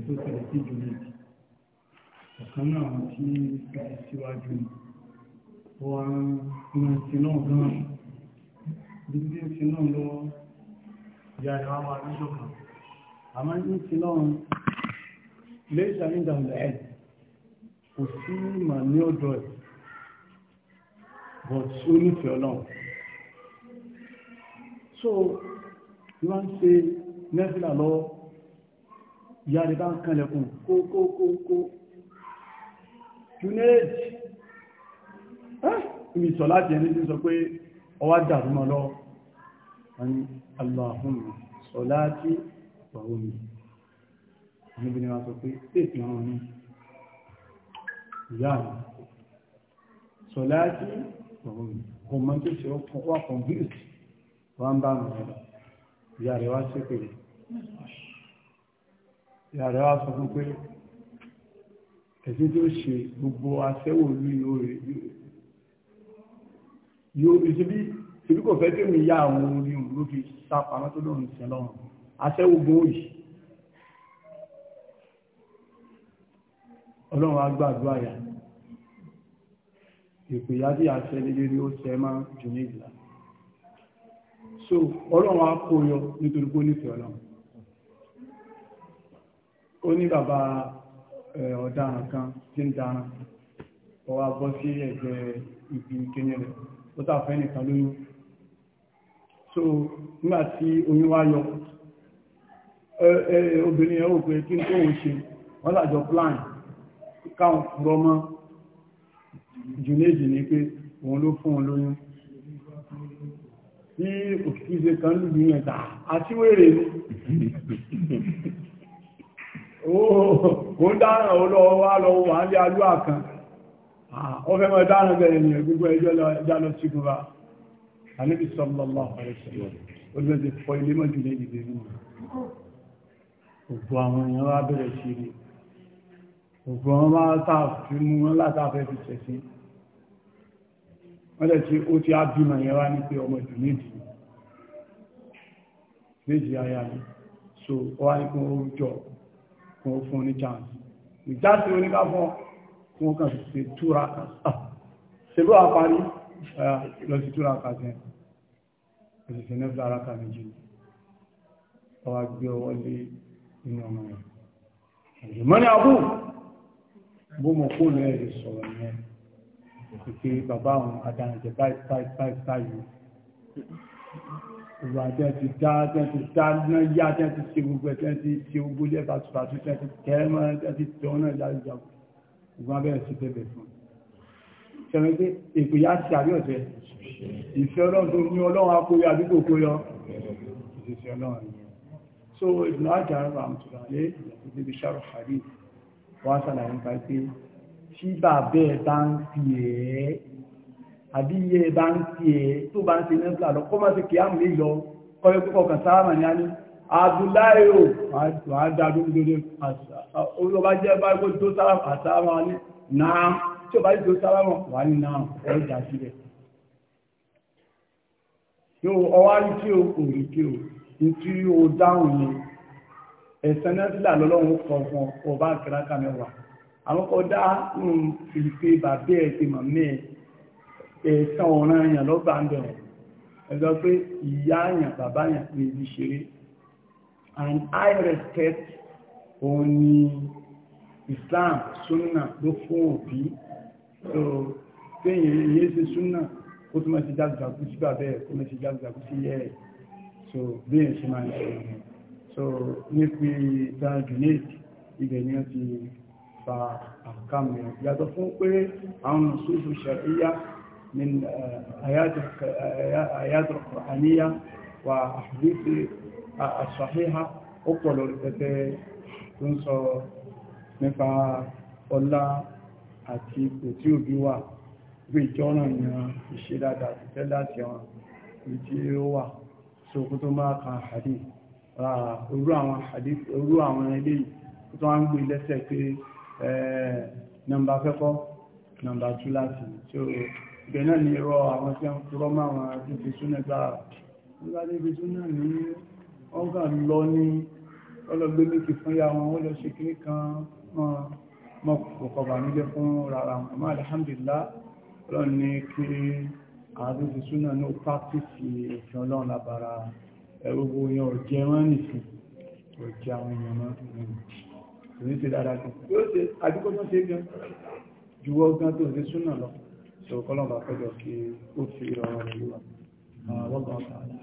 ìṣẹ̀lẹ̀ tó ṣẹlẹ̀ sí juliet ọ̀kan náà wọn tí ṣẹlẹ̀ síwájú ni ó wá ń ti náà gan bíbí ń ti náà lọ ìyá rẹ̀ wá máa lójó kan àmọ́ ń ti náà ilé ìṣàlẹ̀ ìdàmúlẹ̀ ẹ̀ kò sí mà ní ọ̀dọ̀ ẹ̀ but ó nífẹ̀ẹ́ ọlọ́run so wọ́n ń ṣe nẹ́fìlà lọ́wọ́ ìyá rẹ̀ bá ń kanlẹ̀kùn kókókókó junaid ní sọ láti ẹni tí sọ pé ọwá dàrúmọ́ lọ wọn aláhùnmù sọ láti pàwọ́ mi níbi ni wọ́n sọ pé tèèkì wọn ní ìyá mi sọ láti pàwọ́ mi kò mọ́ tó ṣe wà kọ̀ǹgírì wọ́n bá mọ̀ ìyá rẹ̀ wá ṣépè rẹ̀ ìyá rẹ̀ wá sọ fún pé ẹ̀sìn tí ó ṣe gbogbo aṣẹ́wò ní orí yóò ìṣẹ́bí ìṣẹ́bí kò fẹ́ tí òun ìyá àwọn orí òun ló fi sápamọ́ tó lóun ìṣẹ́ lọ́rùn aṣẹ́wò gbówó yìí ọlọ́run á gbàdúrà yà ìpìyà tí àṣẹ lílé ní ó ṣẹ máa jù ní ìlà so ọlọ́run á kó nítorí pé nífẹ̀ẹ́ ọlọ́run ó ní bàbá ọ̀daràn kan tí ń daràn ó wá bọ́ sí ẹ̀gbẹ́ ibi kẹ́yìn rẹ̀ ó tàfẹ́ nìkan lóyún so nígbà tí oyún wá yọ obìnrin yẹn ó pé kí n tó òun ṣe wọ́n làjọ plan káwọn purọ́ mọ́ jùnéèjì ní pé òun ló fún òun lóyún tí òkìkí ṣe kan lùgbìyàn tà àti òun dáràn olówó wá lọ́wọ́ wà ní alú àkàn ó fẹ́ mọ́ dáràn bẹ̀rẹ̀ ní gbogbo ẹjọ́ ìjálọ sí gbogbo àníbi sọ́lọ́lọ́ olóòdì fọ ilé mọ́jú ní ìdìbò inú ògbò àwọn èèyàn wá bẹ̀rẹ̀ sí ni ògbò wọn máa tààfin mú wọn látàfẹ́ fi ṣẹ̀sìn wọ́n lẹ̀ tí ó ti á bímọ yẹn wá ní pé ọmọ ìdù méjì méjì aya ni so ó wá ní kò fún ní chance ìjáde oníká fún wọn kàn sí túra kan ah, ṣèlú àparí ah, lọ sí túra kan jẹ òṣìṣẹ́ nẹ́fẹ́ ara kan méjì ọwá gbé ọwọ́ lé inú ọmọ rẹ̀ ìmọ́ni àbú bó mọ̀ kó lẹ́ ẹ̀ sọ̀rọ̀ yẹn pé bàbá àwọn adáhùn jẹ báyìí báyìí báyìí ìwà tẹ́ ti dá tẹ́ ti dá náà yá tẹ́ ti ṣe gbogbo tẹ́ ti ṣe gbogbo lẹ́ bàtúbàtú tẹ́ ti tẹ́ mọ́ tẹ́ ti tọ́ náà láìjà ìgbà bẹ̀rẹ̀ sí bẹ̀bẹ̀ fún ṣẹlẹ̀ pé èpè yá ti àrí ọ̀tẹ́ ìfẹ́ ọlọ́run tó ní ọlọ́run akóyọ àdúgbò kóyọ ìṣẹ̀ṣẹ̀ ọlọ́run so ìbùnú àjà àrùn àmùtùràlẹ́ ìbí sàrò hadith wọ́n sàlàyé bá pé tí bàbẹ́ bá ń fi ẹ̀ẹ́ àbí iye bá ń ti ẹ̀ tó bá ń ti nẹ́sìlá lọ kọ́ máa ti kìí àmì lọ kọ́yẹ́ púpọ̀ kan sáàmà ní a ní abúláì ò àádádún gbogbo olóba jẹ́ bá kó tó sáàmà ní náà tí ó o kò rí kí o tí ó dáhùn ní ẹ̀sẹ̀ nẹ́sìlá lọ́lọ́run kọ̀ọ̀kan ọba kìlákà mẹ́wàá àwọn kọ dá hmm, fìlìpé bàbá ẹ̀ ti mọ̀ mẹ́ẹ̀ ẹ̀ẹ̀kan ọ̀ràn èèyàn ló bá ń bẹ̀rẹ̀ ẹ̀sọ́ pé ìyá èèyàn bàbá èèyàn ní ibi ṣeré and I respect òun ni Islam sunna ló fún òbí so téèyàn èyí ṣe sunna ó tún mọ̀ sí jágùjágù sí bàbá ẹ̀ kó sí jágùjágù sí yẹ́ so bí èèyàn ṣe máa ń ṣe ọ̀rọ̀ so nípi ìdájúnéèkì ibẹ̀ ni ó ti fa àkàmù yàtọ̀ fún pé àwọn òṣùṣù ṣẹ̀ríyá من آيات القرآنية وأحاديث الصحيحة أقول لكي تنصر nípa ọlá àti ipò tí òbí wà bí ìjọ́nà ìran ìṣe dáadáa ti tẹ́lá àti àwọn ìdí ó wà tí ó kú tó máa ka àhàdì orú àwọn àhàdì orú àwọn ilé tó tó ń gbé lẹ́sẹ̀ pé nọmbà fẹ́kọ́ nọmbà tú láti tí ó ibẹ̀ náà ni rọ àwọn tí wọ́n rọ máa wọn àti ìfisúnà gbára nígbà tí ìfisúnà ní wọ́n kà lọ ní ọlọ́gbé méjì fún ya wọn ó lọ ṣe kiri kan mọ́ kọ̀kọ̀bà nílé fún rárá wọn àmọ́ alhamdulillah ọlọ́run ní kí àwọn ìfisúnà ní ó pàtìsì òfin ọlọ́run lábára ẹgbogbo yẹn ò jẹ àdúgbò tó ṣe gan juwọ́ gan tó ṣe súnà lọ tó kọ́lọ́mà kí ó fi ìrọ̀rùn rẹ̀ yíwa wọ́n gbọ́n tààlà